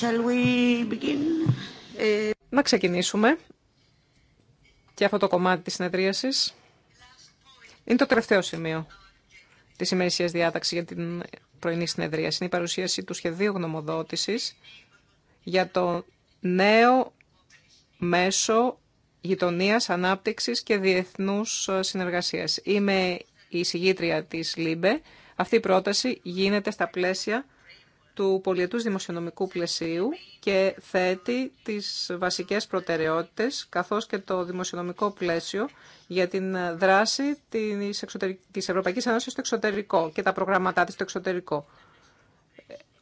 Shall we ε, Να ξεκινήσουμε και αυτό το κομμάτι της συνεδρίασης. Είναι το τελευταίο σημείο της ημερησίας διάταξης για την πρωινή συνεδρίαση. Είναι η παρουσίαση του σχεδίου γνωμοδότησης για το νέο μέσο γειτονίας, ανάπτυξης και διεθνούς συνεργασίας. Είμαι η συγγήτρια της ΛΥΜΠΕ. Αυτή η πρόταση γίνεται στα πλαίσια του πολιετούς δημοσιονομικού πλαισίου και θέτει τις βασικές προτεραιότητες καθώς και το δημοσιονομικό πλαίσιο για την δράση της, της Ευρωπαϊκής Ένωσης στο εξωτερικό και τα προγράμματά της στο εξωτερικό.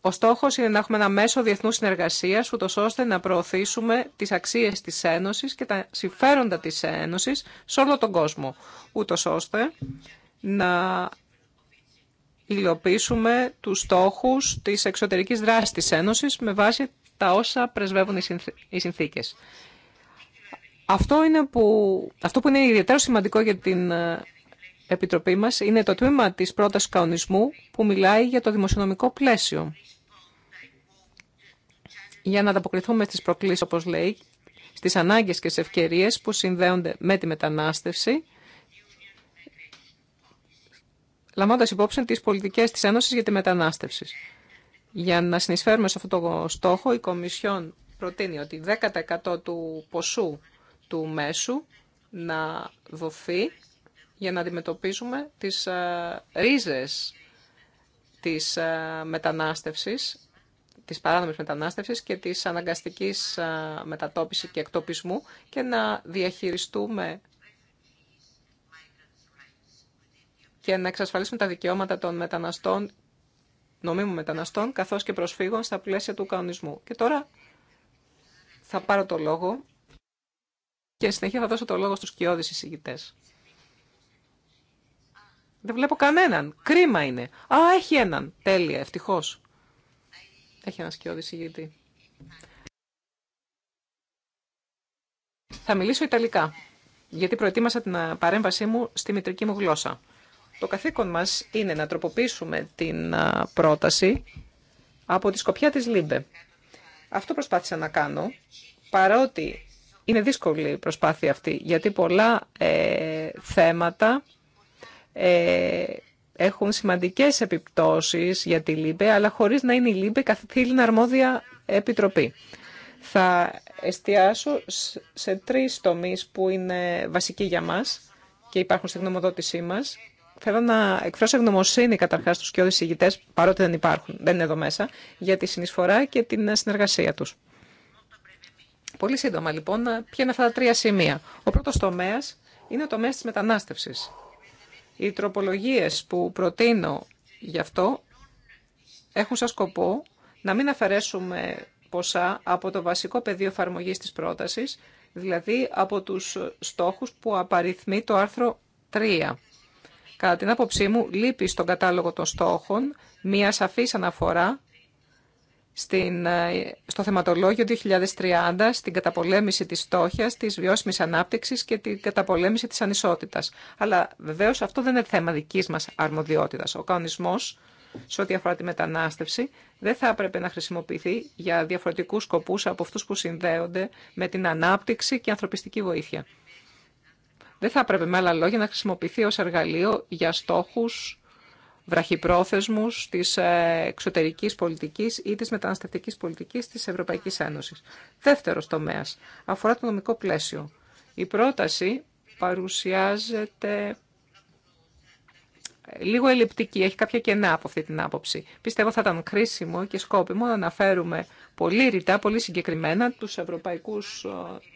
Ο στόχο είναι να έχουμε ένα μέσο διεθνού συνεργασία, ούτω ώστε να προωθήσουμε τι αξίε τη Ένωση και τα συμφέροντα τη Ένωση σε όλο τον κόσμο. Ούτω ώστε να υλοποιήσουμε τους στόχους της εξωτερικής δράσης της Ένωσης με βάση τα όσα πρεσβεύουν οι συνθήκες. Αυτό, είναι που, αυτό που είναι ιδιαίτερα σημαντικό για την ε, Επιτροπή μας είναι το τμήμα της πρότασης καονισμού που μιλάει για το δημοσιονομικό πλαίσιο. Για να ανταποκριθούμε στις προκλήσεις, όπως λέει, στις ανάγκες και στις ευκαιρίες που συνδέονται με τη μετανάστευση λαμβάνοντας υπόψη τις πολιτικές τη Ένωση για τη μετανάστευση. Για να συνεισφέρουμε σε αυτό το στόχο, η Κομισιόν προτείνει ότι 10% του ποσού του μέσου να δοθεί για να αντιμετωπίζουμε τις ε, ρίζες της ε, μετανάστευσης, της παράνομης μετανάστευσης και της αναγκαστικής ε, μετατόπισης και εκτοπισμού και να διαχειριστούμε και να εξασφαλίσουμε τα δικαιώματα των μεταναστών, νομίμων μεταναστών, καθώς και προσφύγων στα πλαίσια του κανονισμού. Και τώρα θα πάρω το λόγο και συνεχεία θα δώσω το λόγο στους κοιόδης εισηγητές. Δεν βλέπω κανέναν. Κρίμα είναι. Α, έχει έναν. Τέλεια, ευτυχώς. Έχει ένα σκιώδη εισηγητή. Θα μιλήσω Ιταλικά, γιατί προετοίμασα την παρέμβασή μου στη μητρική μου γλώσσα. Το καθήκον μας είναι να τροποποιήσουμε την πρόταση από τη σκοπιά της ΛΥΜΠΕ. Αυτό προσπάθησα να κάνω, παρότι είναι δύσκολη η προσπάθεια αυτή, γιατί πολλά ε, θέματα ε, έχουν σημαντικές επιπτώσεις για τη ΛΥΜΠΕ, αλλά χωρίς να είναι η ΛΥΜΠΕ καθήλυνα αρμόδια επιτροπή. Θα εστιάσω σε τρεις τομείς που είναι βασικοί για μας και υπάρχουν στην γνωμοδότησή μας. Θέλω να εκφράσω εγνωμοσύνη καταρχά στου κοιόδη ηγητέ, παρότι δεν υπάρχουν, δεν είναι εδώ μέσα, για τη συνεισφορά και την συνεργασία του. Πολύ σύντομα, λοιπόν, ποια είναι αυτά τα τρία σημεία. Ο πρώτο τομέα είναι ο τομέα τη μετανάστευση. Οι τροπολογίε που προτείνω γι' αυτό έχουν σαν σκοπό να μην αφαιρέσουμε ποσά από το βασικό πεδίο εφαρμογή τη πρόταση, δηλαδή από του στόχου που απαριθμεί το άρθρο 3 Κατά την άποψή μου, λείπει στον κατάλογο των στόχων μία σαφής αναφορά στην, ε, στο θεματολόγιο 2030, στην καταπολέμηση της στόχιας, της βιώσιμης ανάπτυξης και την καταπολέμηση της ανισότητας. Αλλά βεβαίως αυτό δεν είναι θέμα δικής μας αρμοδιότητας. Ο κανονισμός σε ό,τι αφορά τη μετανάστευση, δεν θα έπρεπε να χρησιμοποιηθεί για διαφορετικούς σκοπούς από αυτούς που συνδέονται με την ανάπτυξη και ανθρωπιστική βοήθεια. Δεν θα έπρεπε με άλλα λόγια να χρησιμοποιηθεί ως εργαλείο για στόχους βραχυπρόθεσμους της ε, εξωτερικής πολιτικής ή της μεταναστευτικής πολιτικής της Ευρωπαϊκής Ένωσης. Δεύτερος τομέας αφορά το νομικό πλαίσιο. Η πρόταση παρουσιάζεται λίγο ελλειπτική, έχει κάποια κενά από αυτή την άποψη. Πιστεύω θα ήταν κρίσιμο και σκόπιμο να αναφέρουμε πολύ ρητά, πολύ συγκεκριμένα τους ευρωπαϊκούς ε,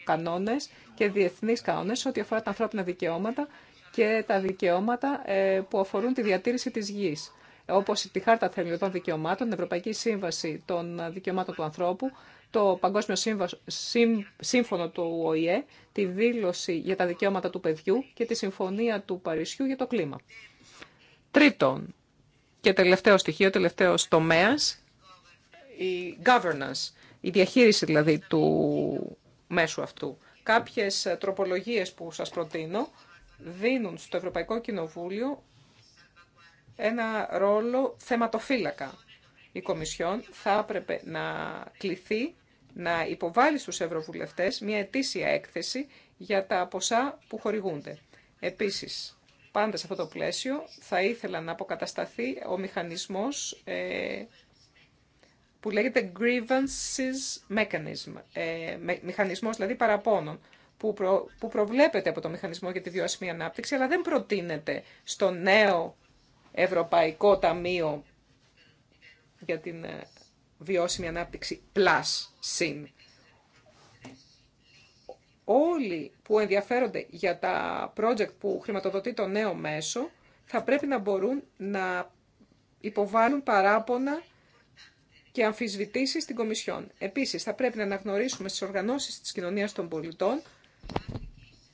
κανόνες και διεθνεί κανόνες ό,τι αφορά τα ανθρώπινα δικαιώματα και τα δικαιώματα ε, που αφορούν τη διατήρηση της γης. Όπως τη Χάρτα Θεμελιωδών Δικαιωμάτων, την Ευρωπαϊκή Σύμβαση των Δικαιωμάτων του Ανθρώπου, το Παγκόσμιο Σύμφωνο του ΟΗΕ, τη Δήλωση για τα Δικαιώματα του Παιδιού και τη Συμφωνία του Παρισιού για το Κλίμα. Τρίτον, και τελευταίο στοιχείο, τελευταίο τομέα, η governance, η διαχείριση δηλαδή του μέσου αυτού. Κάποιες τροπολογίες που σας προτείνω δίνουν στο Ευρωπαϊκό Κοινοβούλιο ένα ρόλο θεματοφύλακα. Η Κομισιόν θα έπρεπε να κληθεί να υποβάλει στους Ευρωβουλευτές μια ετήσια έκθεση για τα ποσά που χορηγούνται. Επίσης, πάντα σε αυτό το πλαίσιο θα ήθελα να αποκατασταθεί ο μηχανισμός ε, που λέγεται Grievances Mechanism, ε, μηχανισμός δηλαδή παραπώνων, που, που προβλέπεται από το Μηχανισμό για τη Βιώσιμη Ανάπτυξη, αλλά δεν προτείνεται στο νέο Ευρωπαϊκό Ταμείο για την ε, Βιώσιμη Ανάπτυξη Plus, συν. Όλοι που ενδιαφέρονται για τα project που χρηματοδοτεί το νέο μέσο, θα πρέπει να μπορούν να υποβάλουν παράπονα και αμφισβητήσει στην Κομισιόν. Επίση, θα πρέπει να αναγνωρίσουμε στι οργανώσει τη κοινωνία των πολιτών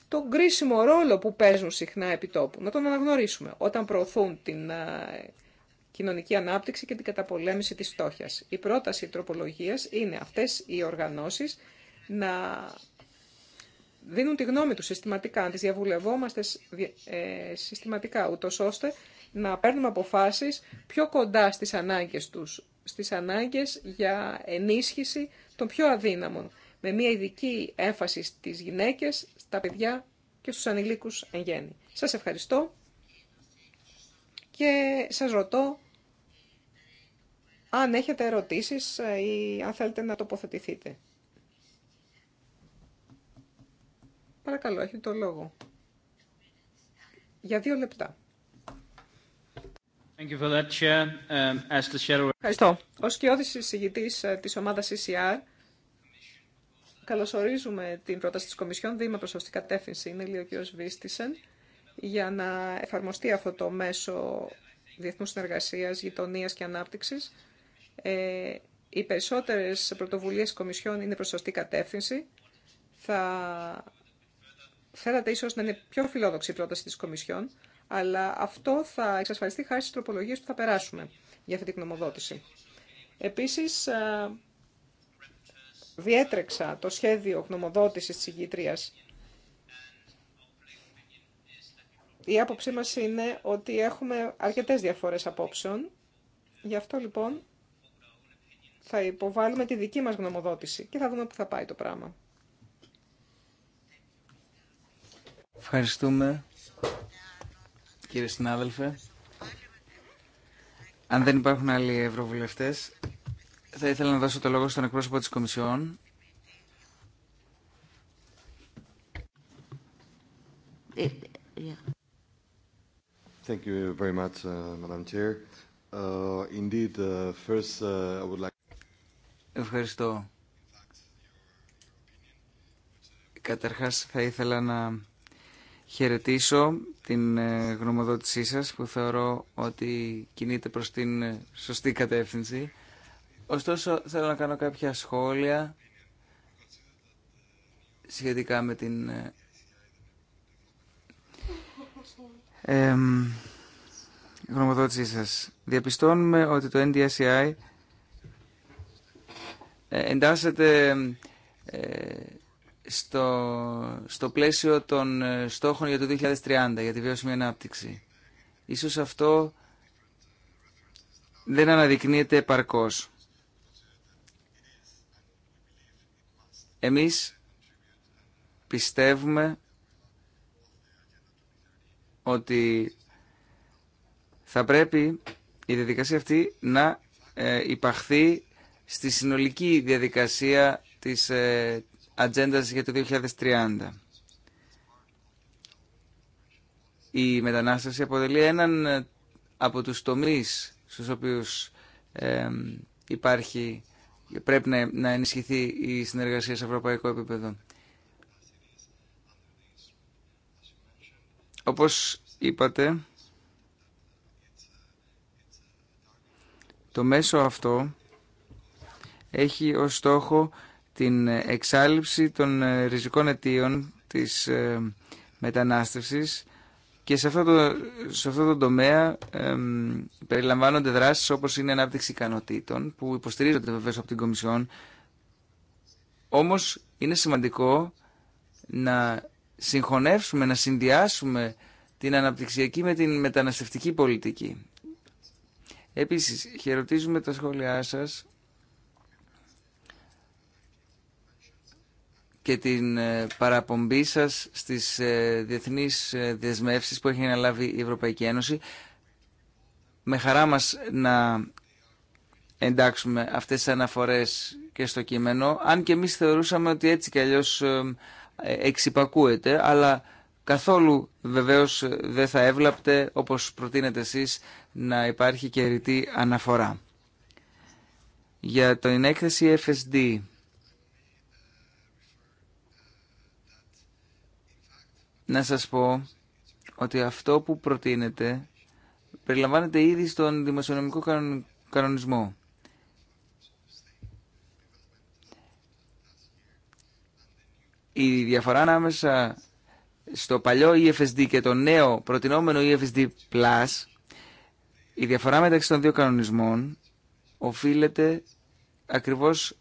τον κρίσιμο ρόλο που παίζουν συχνά επί τόπου. Να τον αναγνωρίσουμε όταν προωθούν την ε, κοινωνική ανάπτυξη και την καταπολέμηση τη φτώχεια. Η πρόταση τροπολογία είναι αυτέ οι οργανώσει να δίνουν τη γνώμη του συστηματικά, να τι διαβουλευόμαστε ε, συστηματικά, ούτω ώστε να παίρνουμε αποφάσεις πιο κοντά στις ανάγκες τους στις ανάγκες για ενίσχυση των πιο αδύναμων, με μια ειδική έμφαση στις γυναίκες, στα παιδιά και στους ανηλίκους εν γέννη. Σας ευχαριστώ και σας ρωτώ αν έχετε ερωτήσεις ε, ή αν θέλετε να τοποθετηθείτε. Παρακαλώ, έχετε το λόγο. Για δύο λεπτά. Um, Ευχαριστώ. Ω κοιόδης συζητητής ε, της ομάδας CCR, καλωσορίζουμε την πρόταση της Κομισιόν, δήμα προς την κατεύθυνση, είναι λίγο ο κ. Βίστησεν, για να εφαρμοστεί αυτό το μέσο διεθνούς συνεργασίας, γειτονίας και ανάπτυξης. Ε, οι περισσότερες πρωτοβουλίες της Κομισιόν είναι προς κατεύθυνση. Θα θέλατε ίσως να είναι πιο φιλόδοξη η πρόταση της Κομισιόν, αλλά αυτό θα εξασφαλιστεί χάρη στις τροπολογίες που θα περάσουμε για αυτή την γνωμοδότηση. Επίσης, ε, διέτρεξα το σχέδιο γνωμοδότησης της ηγητρίας. Η άποψή μας είναι ότι έχουμε αρκετές διαφορές απόψεων. Γι' αυτό λοιπόν θα υποβάλουμε τη δική μας γνωμοδότηση και θα δούμε που θα πάει το πράγμα. Ευχαριστούμε κύριε συνάδελφε. Αν δεν υπάρχουν άλλοι ευρωβουλευτές, θα ήθελα να δώσω το λόγο στον εκπρόσωπο της Κομισιόν. Ευχαριστώ. Καταρχάς θα ήθελα να χαιρετήσω την ε, γνωμοδότησή σας που θεωρώ ότι κινείται προς την ε, σωστή κατεύθυνση. Ωστόσο θέλω να κάνω κάποια σχόλια σχετικά με την ε, γνωμοδότησή σας. Διαπιστώνουμε ότι το NDSCI ε, εντάσσεται στο, στο πλαίσιο των ε, στόχων για το 2030, για τη βιώσιμη ανάπτυξη. Ίσως αυτό δεν αναδεικνύεται επαρκώς. Εμείς πιστεύουμε ότι θα πρέπει η διαδικασία αυτή να ε, υπαχθεί στη συνολική διαδικασία της ε, ατζέντα για το 2030. Η μετανάστευση αποτελεί έναν από τους τομείς στους οποίους ε, υπάρχει, πρέπει να, να ενισχυθεί η συνεργασία σε ευρωπαϊκό επίπεδο. Όπως είπατε, το μέσο αυτό έχει ως στόχο την εξάλληψη των ε, ριζικών αιτίων της ε, μετανάστευσης και σε αυτό το, σε αυτό το τομέα περιλαμβάνονται δράσεις όπως είναι η ανάπτυξη ικανοτήτων που υποστηρίζονται βεβαίως από την Κομισιόν όμως είναι σημαντικό να συγχωνεύσουμε, να συνδυάσουμε την αναπτυξιακή με την μεταναστευτική πολιτική. Επίσης, χαιρετίζουμε τα σχόλιά σας και την ε, παραπομπή σας στις ε, διεθνείς ε, δεσμεύσεις που έχει αναλάβει η Ευρωπαϊκή Ένωση. Με χαρά μας να εντάξουμε αυτές τις αναφορές και στο κείμενο, αν και εμείς θεωρούσαμε ότι έτσι κι αλλιώς εξυπακούεται, αλλά καθόλου βεβαίως δεν θα έβλαπτε, όπως προτείνετε εσείς, να υπάρχει και ρητή αναφορά. Για την έκθεση FSD, να σας πω ότι αυτό που προτείνεται περιλαμβάνεται ήδη στον δημοσιονομικό κανονισμό. Η διαφορά ανάμεσα στο παλιό EFSD και το νέο προτινόμενο EFSD η διαφορά μεταξύ των δύο κανονισμών οφείλεται ακριβώς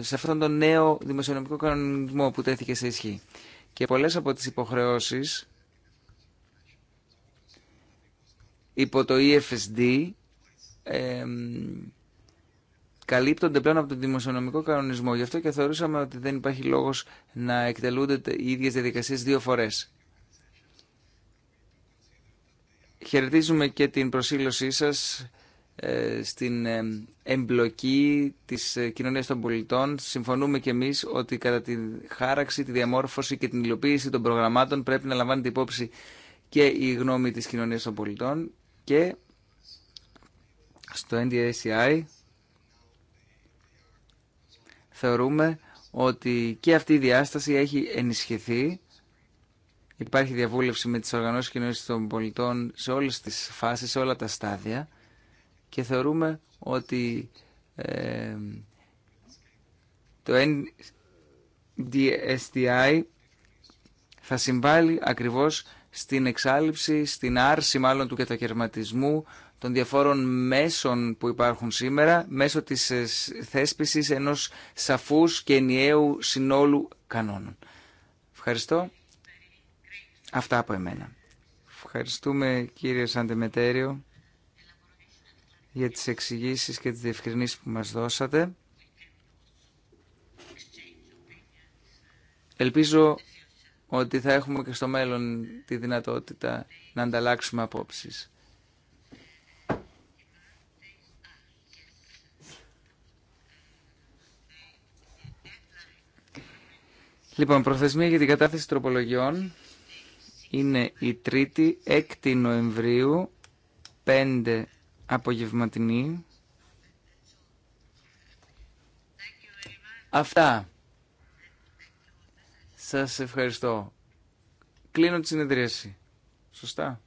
σε αυτόν τον νέο δημοσιονομικό κανονισμό που τέθηκε σε ισχύ και πολλές από τις υποχρεώσεις υπό το EFSD ε, καλύπτονται πλέον από τον δημοσιονομικό κανονισμό. Γι' αυτό και θεωρούσαμε ότι δεν υπάρχει λόγος να εκτελούνται οι ίδιες διαδικασίες δύο φορές. Χαιρετίζουμε και την προσήλωσή σας ε, στην ε, εμπλοκή της ε, κοινωνίας των πολιτών. Συμφωνούμε και εμείς ότι κατά τη χάραξη, τη διαμόρφωση και την υλοποίηση των προγραμμάτων πρέπει να λαμβάνεται υπόψη και η γνώμη της κοινωνίας των πολιτών και στο NDACI θεωρούμε ότι και αυτή η διάσταση έχει ενισχυθεί. Υπάρχει διαβούλευση με τις οργανώσεις κοινωνίας των πολιτών σε όλες τις φάσεις, σε όλα τα στάδια και θεωρούμε ότι ε, το NDSDI θα συμβάλλει ακριβώς στην εξάλληψη, στην άρση μάλλον του κατακαιρματισμού των διαφόρων μέσων που υπάρχουν σήμερα μέσω της ε, θέσπισης ενός σαφούς και ενιαίου συνόλου κανόνων. Ευχαριστώ. Αυτά από εμένα. Ευχαριστούμε κύριε Σαντεμετέριο για τις εξηγήσει και τις διευκρινήσεις που μας δώσατε. Ελπίζω ότι θα έχουμε και στο μέλλον τη δυνατότητα να ανταλλάξουμε απόψεις. Λοιπόν, προθεσμία για την κατάθεση τροπολογιών είναι η 3η 6η Νοεμβρίου 5 απογευματινή. Αυτά. Σας ευχαριστώ. Κλείνω τη συνεδρίαση. Σωστά.